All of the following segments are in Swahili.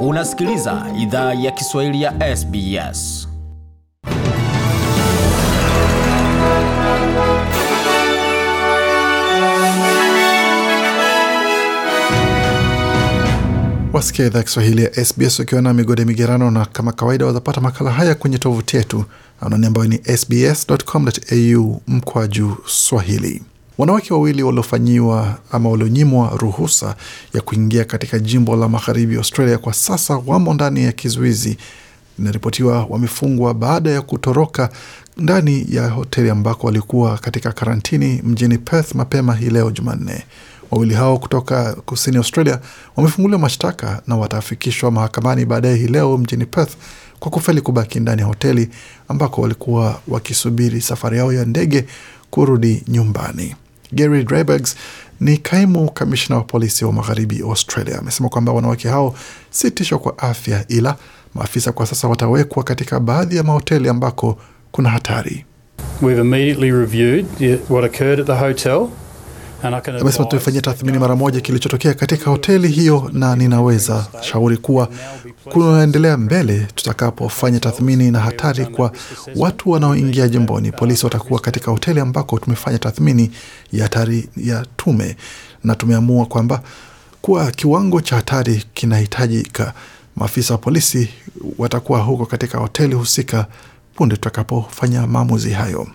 Unasikiliza idhaa ya Kiswahili ya SBS. Wasikia idhaa Kiswahili ya SBS ukiwa na migode migerano, na kama kawaida wazapata makala haya kwenye tovuti yetu anani ambayo ni sbs.com.au juu Swahili. Wanawake wawili waliofanyiwa ama walionyimwa ruhusa ya kuingia katika jimbo la magharibi Australia kwa sasa wamo ndani ya kizuizi. Inaripotiwa wamefungwa baada ya kutoroka ndani ya hoteli ambako walikuwa katika karantini mjini Perth mapema hii leo Jumanne. Wawili hao kutoka kusini Australia wamefunguliwa mashtaka na watafikishwa mahakamani baadaye hii leo mjini Perth kwa kufeli kubaki ndani ya hoteli ambako walikuwa wakisubiri safari yao ya ndege kurudi nyumbani. Gary Drybags ni kaimu kamishna wa polisi wa magharibi Australia, amesema kwamba wanawake hao si tisho kwa afya, ila maafisa kwa sasa watawekwa katika baadhi ya mahoteli ambako kuna hatari. We've immediately reviewed what occurred at the hotel. Amesema tumefanyia tathmini mara moja kilichotokea katika hoteli hiyo, na ninaweza shauri kuwa kunaendelea mbele, tutakapofanya tathmini na hatari kwa watu wanaoingia jimboni, polisi watakuwa katika hoteli ambako tumefanya tathmini ya hatari ya tume, na tumeamua kwamba kuwa kiwango cha hatari kinahitajika. Maafisa wa polisi watakuwa huko katika hoteli husika punde tutakapofanya maamuzi hayo.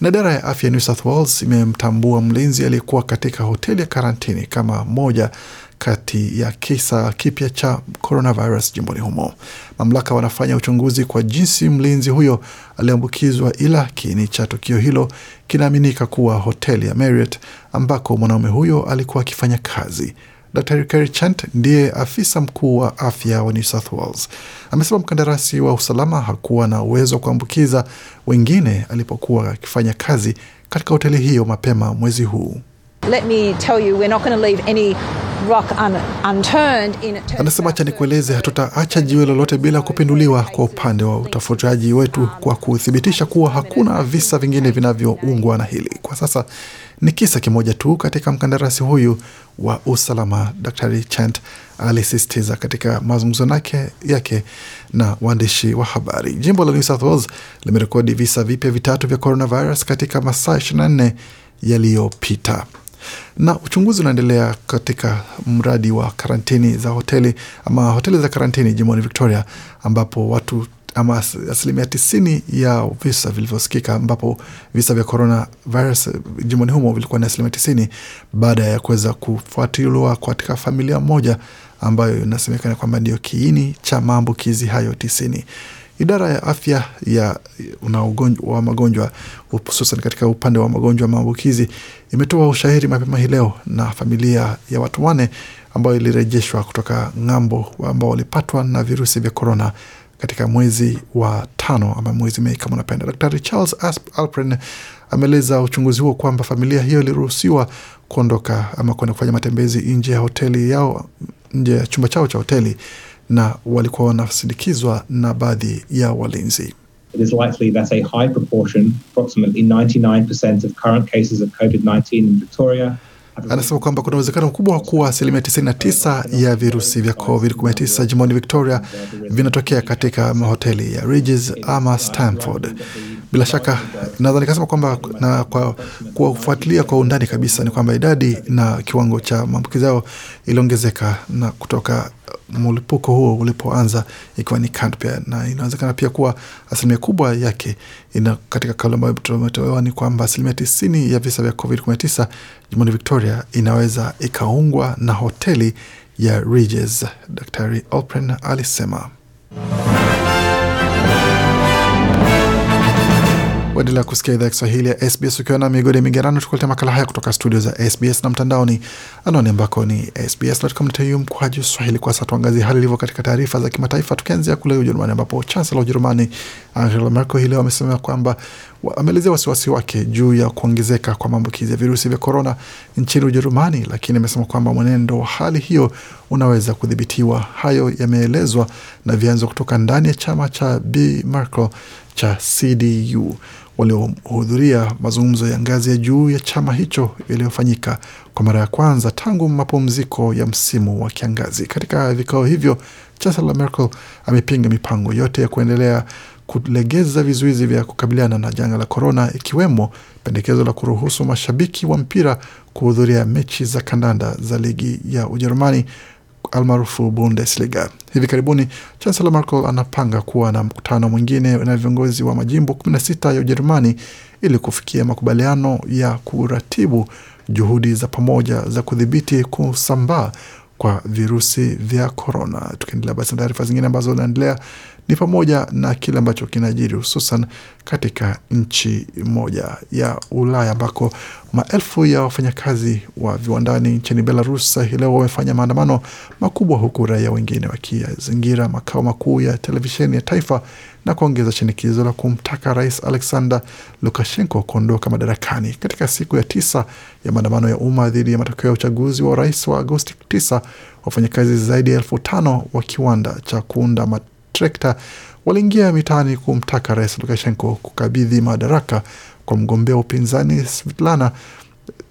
Na idara ya afya New South Wales imemtambua mlinzi aliyekuwa katika hoteli ya karantini kama moja kati ya kisa kipya cha coronavirus jimboni humo. Mamlaka wanafanya uchunguzi kwa jinsi mlinzi huyo aliambukizwa, ila kiini cha tukio hilo kinaaminika kuwa hoteli ya Marriott ambako mwanaume huyo alikuwa akifanya kazi. Dr Kerry Chant ndiye afisa mkuu wa afya wa New South Wales amesema mkandarasi wa usalama hakuwa na uwezo wa kuambukiza wengine alipokuwa akifanya kazi katika hoteli hiyo mapema mwezi huu. Anasema, acha nikueleze, hatutaacha jiwe lolote bila kupinduliwa kwa upande wa utafutaji wetu kwa kuthibitisha kuwa hakuna visa vingine vinavyoungwa na hili kwa sasa ni kisa kimoja tu katika mkandarasi huyu wa usalama, Daktari Chant alisisitiza katika mazungumzo yake na waandishi wa habari. Jimbo la New South Wales limerekodi visa vipya vitatu vya coronavirus katika masaa 24 yaliyopita na uchunguzi unaendelea katika mradi wa karantini za hoteli ama hoteli za karantini jimboni Victoria, ambapo watu ama asilimia tisini ya visa vilivyosikika, ambapo visa vya corona virus eh, jimboni humo vilikuwa ni asilimia tisini baada ya kuweza kufuatiliwa katika familia moja ambayo inasemekana kwamba ndio kiini cha maambukizi hayo tisini. Idara ya afya ya wa magonjwa hususan katika upande wa magonjwa ya maambukizi imetoa ushahiri mapema hii leo na familia ya watu wane ambayo ilirejeshwa kutoka ng'ambo ambao walipatwa na virusi vya korona katika mwezi wa tano ama mwezi Mei kama unapenda. Daktari Charles Alpren ameeleza uchunguzi huo kwamba familia hiyo iliruhusiwa kuondoka ama kwenda kufanya matembezi nje ya hoteli yao, nje ya chumba chao cha hoteli, na walikuwa wanasindikizwa na baadhi ya walinzi. It is likely that a high proportion, approximately 99% of current cases of COVID-19 in Victoria anasema kwamba kuna uwezekano mkubwa wa kuwa asilimia 99 ya virusi vya COVID-19 jimboni Victoria vinatokea katika mahoteli ya Ridges ama Stanford. Bila shaka nadhani nikasema kwamba na kwa kufuatilia kwa undani kabisa ni kwamba idadi na kiwango cha maambukizi yao iliongezeka na kutoka mlipuko huo ulipoanza, ikiwa ni Kant pia, na inawezekana pia kuwa asilimia kubwa yake ina katika kauli ambayo tumetolewa ni kwamba asilimia tisini ya visa vya Covid 19 jimboni Victoria inaweza ikaungwa na hoteli ya Reges. Daktari Alpren alisema. Waendelea kusikia idhaa ya Kiswahili ya SBS ukiwa na migodi migerano, tukuletea makala haya kutoka studio za SBS na mtandaoni, anwani ambako ni sbs.com.au mkwaju swahili. Kwa sasa tuangazie hali ilivyo katika taarifa za kimataifa, tukianzia kule Ujerumani ambapo chansela wa Ujerumani Angela Merkel hii leo amesema kwamba ameelezea wasiwasi wake juu ya kuongezeka kwa maambukizi ya virusi vya korona nchini Ujerumani, lakini amesema kwamba mwenendo wa hali hiyo unaweza kudhibitiwa. Hayo yameelezwa na vyanzo kutoka ndani ya chama cha b Merkel cha CDU waliohudhuria mazungumzo ya ngazi ya juu ya chama hicho yaliyofanyika kwa mara ya kwanza tangu mapumziko ya msimu wa kiangazi. Katika vikao hivyo, Chancellor Merkel amepinga mipango yote ya kuendelea kulegeza vizuizi vya kukabiliana na janga la korona, ikiwemo pendekezo la kuruhusu mashabiki wa mpira kuhudhuria mechi za kandanda za ligi ya Ujerumani almaarufu Bundesliga. Hivi karibuni Chancellor Merkel anapanga kuwa na mkutano mwingine na viongozi wa majimbo 16 ya Ujerumani ili kufikia makubaliano ya kuratibu juhudi za pamoja za kudhibiti kusambaa kwa virusi vya korona. Tukiendelea basi na taarifa zingine ambazo zinaendelea ni pamoja na kile ambacho kinajiri hususan katika nchi moja ya Ulaya ambako maelfu ya wafanyakazi wa viwandani nchini Belarus leo wamefanya maandamano makubwa, huku raia wengine wakiyazingira makao makuu ya televisheni ya taifa na kuongeza shinikizo la kumtaka Rais Alexander Lukashenko kuondoka madarakani. Katika siku ya tisa ya maandamano ya umma dhidi ya matokeo ya uchaguzi wa rais wa Agosti 9 wafanyakazi zaidi ya elfu tano wa kiwanda cha kuunda trekta waliingia mitaani kumtaka Rais Lukashenko kukabidhi madaraka kwa mgombea wa upinzani Svetlana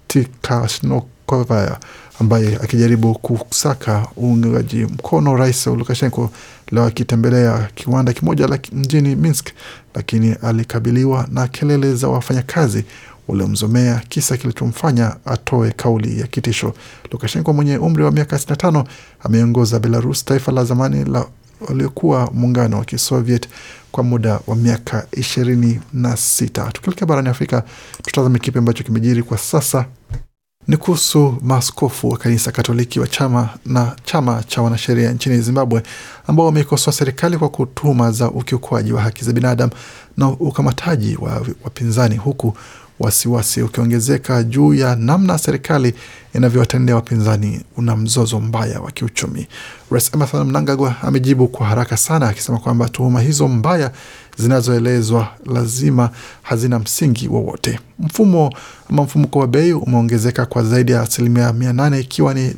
Tikhanovskaya ambaye akijaribu kusaka uungaji mkono rais Lukashenko leo akitembelea kiwanda kimoja laki, mjini Minsk, lakini alikabiliwa na kelele za wafanyakazi waliomzomea kisa kilichomfanya atoe kauli ya kitisho. Lukashenko mwenye umri wa miaka 65 ameongoza Belarus, taifa la zamani la waliokuwa muungano wa Kisoviet kwa muda wa miaka ishirini na sita. Tukielekea barani Afrika, tutazame kipi ambacho kimejiri kwa sasa ni kuhusu maaskofu wa kanisa Katoliki wa chama na chama cha wanasheria nchini Zimbabwe ambao wameikosoa serikali kwa kutuma za ukiukwaji wa haki za binadamu na ukamataji wa wapinzani huku wasiwasi ukiongezeka juu ya namna serikali inavyowatendea wapinzani una mzozo mbaya wa kiuchumi. Rais Emmerson Mnangagwa amejibu kwa haraka sana akisema kwamba tuhuma hizo mbaya zinazoelezwa lazima hazina msingi wowote. Mfumo ama mfumuko wa bei umeongezeka kwa zaidi ya asilimia mia nane ikiwa ni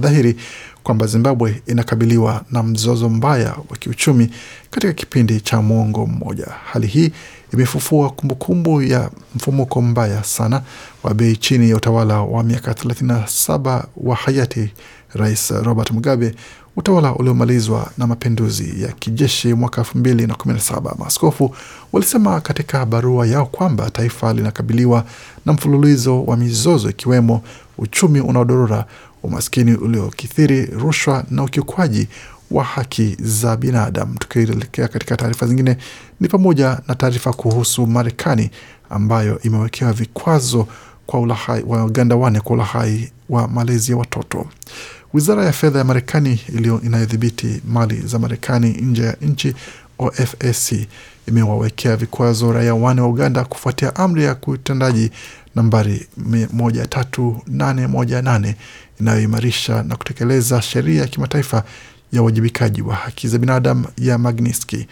dhahiri kwamba Zimbabwe inakabiliwa na mzozo mbaya wa kiuchumi katika kipindi cha mwongo mmoja. Hali hii imefufua kumbukumbu ya mfumuko mbaya sana wa bei chini ya utawala wa miaka 37 wa hayati Rais Robert Mugabe, utawala uliomalizwa na mapinduzi ya kijeshi mwaka 2017. Maaskofu walisema katika barua yao kwamba taifa linakabiliwa na mfululizo wa mizozo ikiwemo uchumi unaodorora, umaskini uliokithiri, rushwa na ukiukwaji wa haki za binadamu. Tukielekea katika taarifa zingine, ni pamoja na taarifa kuhusu Marekani ambayo imewekewa vikwazo kwa ulahai, Uganda wane kwa ulahai wa malezi ya watoto. Wizara ya fedha ya Marekani inayodhibiti mali za Marekani nje ya nchi OFAC imewawekea vikwazo raia wane wa Uganda kufuatia amri ya utendaji nambari 13818 inayoimarisha na kutekeleza sheria ya kimataifa ya uwajibikaji wa haki za binadamu ya Magnitsky.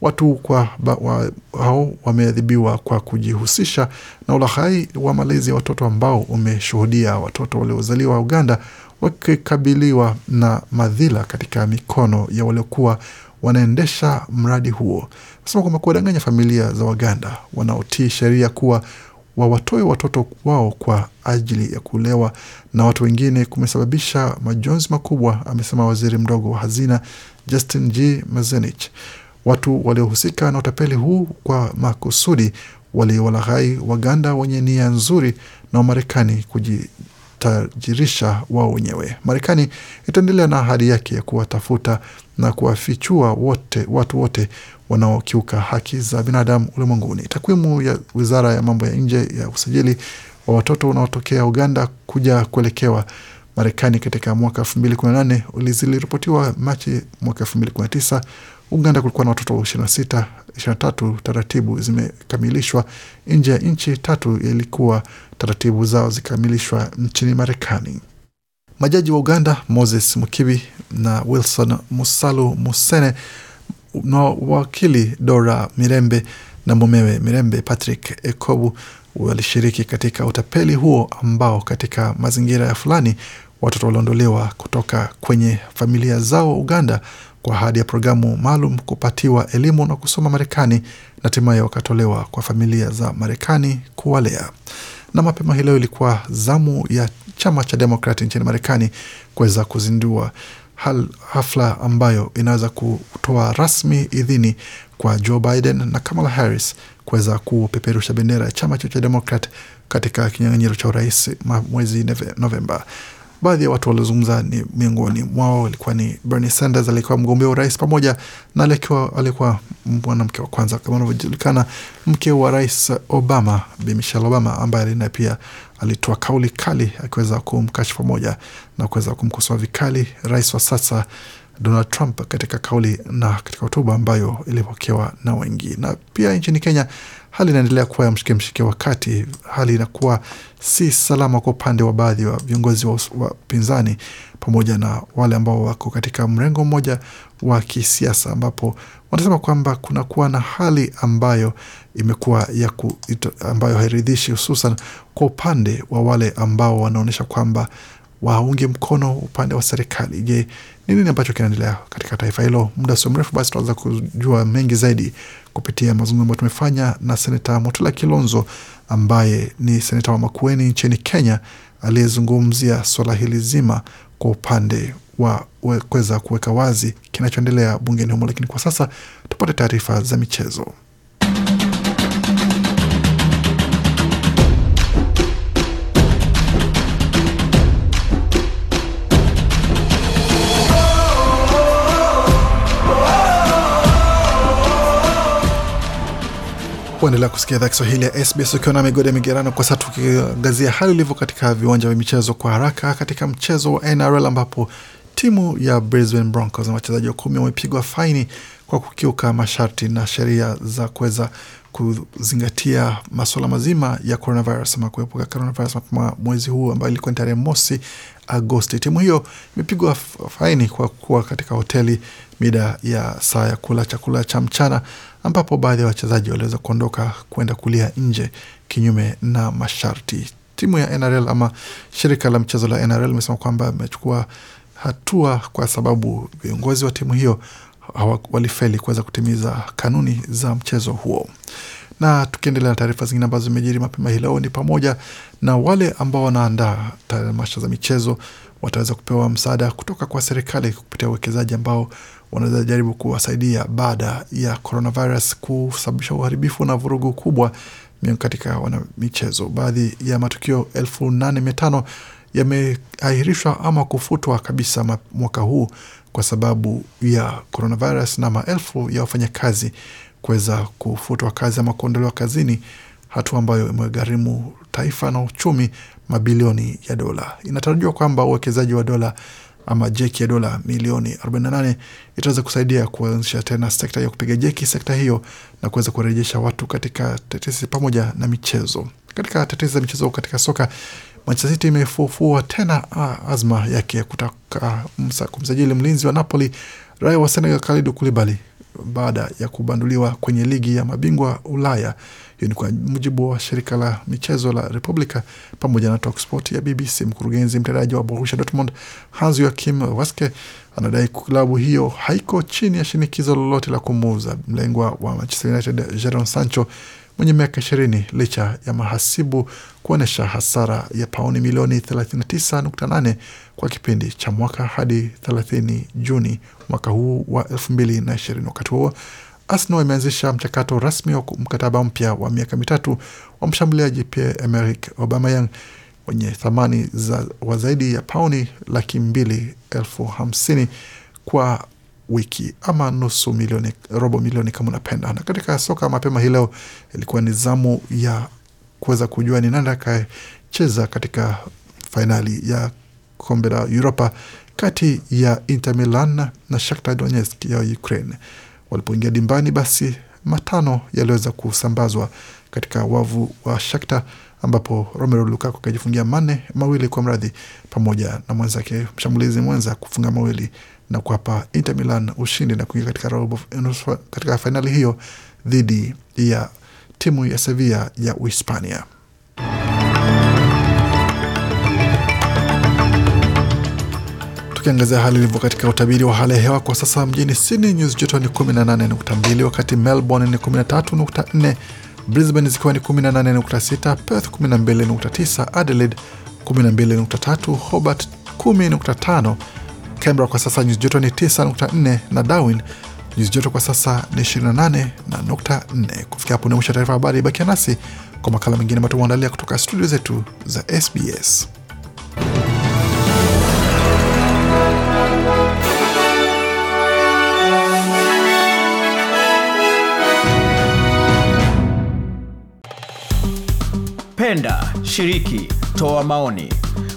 Watu kwa ba, wa, hao wameadhibiwa kwa kujihusisha na ulaghai wa malezi ya watoto ambao umeshuhudia watoto waliozaliwa Uganda wakikabiliwa na madhila katika mikono ya waliokuwa wanaendesha mradi huo. Nasema kwamba kuwadanganya familia za Waganda wanaotii sheria kuwa wawatoe watoto wao kwa ajili ya kulewa na watu wengine kumesababisha majonzi makubwa, amesema waziri mdogo wa hazina Justin G Mazenich. Watu waliohusika na utapeli huu kwa makusudi waliwalaghai Waganda wenye nia nzuri na Wamarekani kujitajirisha wao wenyewe. Marekani itaendelea na ahadi yake ya kuwatafuta na kuwafichua wote, watu wote wanaokiuka haki za binadamu ulimwenguni. Takwimu ya wizara ya mambo ya nje ya usajili wa watoto unaotokea Uganda kuja kuelekewa Marekani katika mwaka nane ziliripotiwa Machi mwaka tisa Uganda kulikuwa na watoto na tatu Taratibu zimekamilishwa nje ya nchi tatu, ilikuwa taratibu zao zikamilishwa nchini Marekani. Majaji wa Uganda Moses Mukibi na Wilson Musalu Musene na wakili Dora Mirembe na mumewe Mirembe Patrick Ekobu walishiriki katika utapeli huo ambao katika mazingira ya fulani watoto waliondolewa kutoka kwenye familia zao Uganda kwa ahadi ya programu maalum kupatiwa elimu na kusoma Marekani na hatimaye wakatolewa kwa familia za Marekani kuwalea. Na mapema hii leo ilikuwa zamu ya chama cha Demokrati nchini Marekani kuweza kuzindua hafla ambayo inaweza kutoa rasmi idhini kwa Joe Biden na Kamala Harris kuweza kupeperusha bendera ya chama cha Demokrat katika kinyang'anyiro cha urais mwezi Novemba. Baadhi ya watu waliozungumza ni miongoni mwao alikuwa ni Bernie Sanders, alikuwa mgombea urais pamoja na aliyekuwa mwanamke wa kwanza kama anavyojulikana, mke wa rais Obama, Bi Michelle Obama, ambaye naye pia alitoa kauli kali akiweza kumkashifu pamoja na kuweza kumkosoa vikali rais wa sasa Donald Trump katika kauli na katika hotuba ambayo ilipokewa na wengi. Na pia nchini Kenya hali inaendelea kuwa ya mshike mshike, wakati hali inakuwa si salama kwa upande wa baadhi wa viongozi wa upinzani pamoja na wale ambao wako katika mrengo mmoja wa kisiasa, ambapo wanasema kwamba kunakuwa na hali ambayo imekuwa ya ku, ambayo hairidhishi, hususan kwa upande wa wale ambao wanaonyesha kwamba waunge mkono upande wa serikali. Je, ni nini ambacho kinaendelea katika taifa hilo? Muda sio mrefu basi tunaweza kujua mengi zaidi kupitia mazungumzo ambayo tumefanya na seneta Mutula Kilonzo ambaye ni senata wa Makueni nchini Kenya, aliyezungumzia swala hili zima kwa upande wa kuweza kuweka wazi kinachoendelea bungeni humo. Lakini kwa sasa tupate taarifa za michezo. kuendelea kusikia idhaa Kiswahili ya SBS ukiwa na ya migerano. Kwa sasa tukiangazia hali ilivyo katika viwanja vya michezo kwa haraka, katika mchezo wa NRL ambapo timu ya Brisbane Broncos na wachezaji wa kumi wamepigwa faini kwa kukiuka masharti na sheria za kuweza kuzingatia masuala mazima ya coronavirus ama kuepuka coronavirus mapema mwezi huu ambayo ilikuwa ni tarehe mosi Agosti. Timu hiyo imepigwa faini kwa kuwa katika hoteli mida ya saa ya kula chakula cha mchana ambapo baadhi ya wachezaji waliweza kuondoka kwenda kulia nje kinyume na masharti. Timu ya NRL ama shirika la mchezo la NRL imesema kwamba imechukua hatua kwa sababu viongozi wa timu hiyo walifeli kuweza kutimiza kanuni za mchezo huo. Na tukiendelea na taarifa zingine ambazo zimejiri mapema hii leo ni pamoja na wale ambao wanaandaa tamasha za michezo wataweza kupewa msaada kutoka kwa serikali kupitia uwekezaji ambao wanaweza jaribu kuwasaidia baada ya coronavirus kusababisha uharibifu na vurugu kubwa katika wanamichezo. Baadhi ya matukio elfu nane mia tano yameahirishwa ama kufutwa kabisa mwaka huu kwa sababu ya coronavirus na maelfu ya wafanyakazi kuweza kufutwa kazi ama kuondolewa kazini, hatua ambayo imegharimu taifa na uchumi mabilioni ya dola. Inatarajiwa kwamba uwekezaji wa dola ama jeki ya dola milioni 48 itaweza kusaidia kuanzisha tena sekta ya kupiga jeki sekta hiyo na kuweza kurejesha watu katika tetesi pamoja na michezo. Katika tetesi za michezo katika soka, Manchester City imefufua tena azma yake ya kutaka kumsajili mlinzi wa Napoli raia wa Senegal Kalidou Koulibaly baada ya kubanduliwa kwenye ligi ya mabingwa Ulaya. Hiyo ni kwa mujibu wa shirika la michezo la Republika pamoja na Talksport ya BBC. Mkurugenzi mtendaji wa Borussia Dortmund Hans Joachim Waske anadai klabu hiyo haiko chini ya shinikizo lolote la kumuuza mlengwa wa Manchester United Jadon Sancho mwenye miaka ishirini licha ya mahasibu kuonyesha hasara ya pauni milioni 39.8 kwa kipindi cha mwaka hadi 30 Juni mwaka huu wa 2020. Wakati huo Arsenal imeanzisha mchakato rasmi wa mkataba mpya wa miaka mitatu wa mshambuliaji Pierre-Emerick Aubameyang wenye thamani za wa zaidi ya pauni laki mbili elfu hamsini kwa wiki ama nusu milioni, robo milioni kama unapenda. Na katika soka mapema hii leo ilikuwa ni zamu ya kuweza kujua ni nani atakayecheza katika fainali ya kombe la Uropa kati ya Inter Milan na Shakhtar Donetsk ya Ukraine. Walipoingia dimbani, basi matano yaliweza kusambazwa katika wavu wa Shakhtar ambapo Romero Lukaku akajifungia manne mawili kwa mradhi, pamoja na mwenzake mshambulizi mwenza kufunga mawili na kuwapa Inter Milan ushindi na kuingia katika robo katika fainali hiyo dhidi ya timu ya Sevilla ya Uhispania. Tukiangazia hali ilivyo katika utabiri wa hali ya hewa kwa sasa, mjini Sydney nyuzi joto ni 18.2, wakati Melbourne ni 13.4, Brisbane zikiwa ni 18.6, Perth 12.9, Adelaide 12.3, Hobart 10.5 Canberra kwa sasa nyuzi joto ni 9.4 na Darwin nyuzi joto kwa sasa ni 28 na 4. Kufikia hapo mwisho taarifa habari. Bakia nasi kwa makala mengine ambayo tumeandalia kutoka studio zetu za SBS. Penda, shiriki, toa maoni